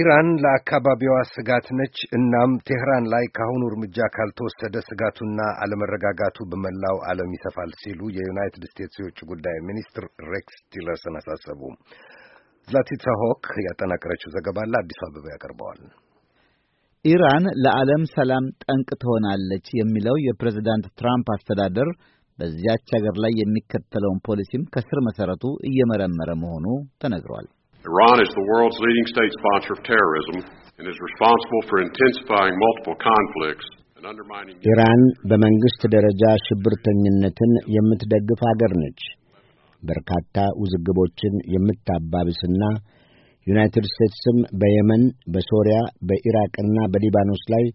ኢራን ለአካባቢዋ ስጋት ነች። እናም ቴህራን ላይ ከአሁኑ እርምጃ ካልተወሰደ ስጋቱና አለመረጋጋቱ በመላው ዓለም ይሰፋል ሲሉ የዩናይትድ ስቴትስ የውጭ ጉዳይ ሚኒስትር ሬክስ ቲለርሰን አሳሰቡ። ዝላቲታ ሆክ ያጠናቀረችው ዘገባ ለአዲሱ አበባ ያቀርበዋል። ኢራን ለዓለም ሰላም ጠንቅ ትሆናለች የሚለው የፕሬዚዳንት ትራምፕ አስተዳደር በዚያች ሀገር ላይ የሚከተለውን ፖሊሲም ከስር መሰረቱ እየመረመረ መሆኑ ተነግሯል። Iran is the world's leading state sponsor of terrorism and is responsible for intensifying multiple conflicts and undermining ኢራን በመንግስት ደረጃ ሽብርተኝነትን የምትደግፍ ሀገር ነች። በርካታ ውዝግቦችን የምታባብስና ዩናይትድ ስቴትስም በየመን፣ በሶሪያ፣ በኢራቅና በሊባኖስ ላይ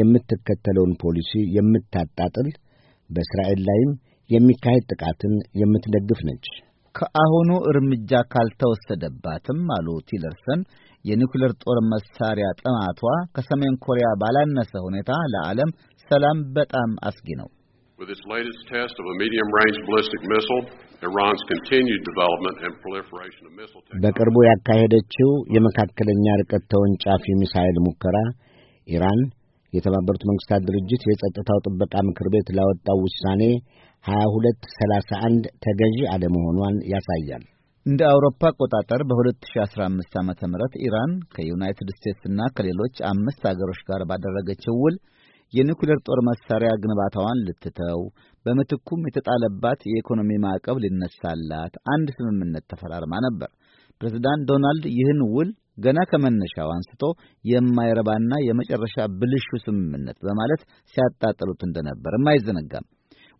የምትከተለውን ፖሊሲ የምታጣጥል በእስራኤል ላይም የሚካሄድ ጥቃትን የምትደግፍ ነች። ከአሁኑ እርምጃ ካልተወሰደባትም አሉ ቲለርሰን፣ የኒውክሌር ጦር መሳሪያ ጥማቷ ከሰሜን ኮሪያ ባላነሰ ሁኔታ ለዓለም ሰላም በጣም አስጊ ነው። በቅርቡ ያካሄደችው የመካከለኛ ርቀት ተወንጫፊ ሚሳይል ሙከራ ኢራን የተባበሩት መንግስታት ድርጅት የጸጥታው ጥበቃ ምክር ቤት ላወጣው ውሳኔ 2231 ተገዢ አለመሆኗን ያሳያል። እንደ አውሮፓ አቆጣጠር በ2015 ዓ ም ኢራን ከዩናይትድ ስቴትስና ከሌሎች አምስት አገሮች ጋር ባደረገችው ውል የኒኩሌር ጦር መሳሪያ ግንባታዋን ልትተው በምትኩም የተጣለባት የኢኮኖሚ ማዕቀብ ሊነሳላት አንድ ስምምነት ተፈራርማ ነበር። ፕሬዚዳንት ዶናልድ ይህን ውል ገና ከመነሻው አንስቶ የማይረባና የመጨረሻ ብልሹ ስምምነት በማለት ሲያጣጥሉት እንደነበርም አይዘነጋም።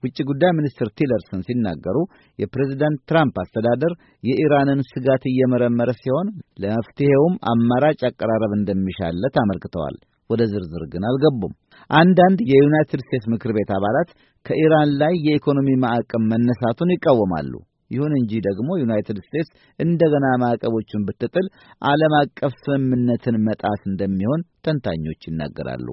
ውጭ ጉዳይ ሚኒስትር ቲለርሰን ሲናገሩ የፕሬዚዳንት ትራምፕ አስተዳደር የኢራንን ስጋት እየመረመረ ሲሆን ለመፍትሔውም አማራጭ አቀራረብ እንደሚሻለት አመልክተዋል። ወደ ዝርዝር ግን አልገቡም። አንዳንድ የዩናይትድ ስቴትስ ምክር ቤት አባላት ከኢራን ላይ የኢኮኖሚ ማዕቀብ መነሳቱን ይቃወማሉ። ይሁን እንጂ ደግሞ ዩናይትድ ስቴትስ እንደገና ማዕቀቦችን ብትጥል ዓለም አቀፍ ስምምነትን መጣስ እንደሚሆን ተንታኞች ይናገራሉ።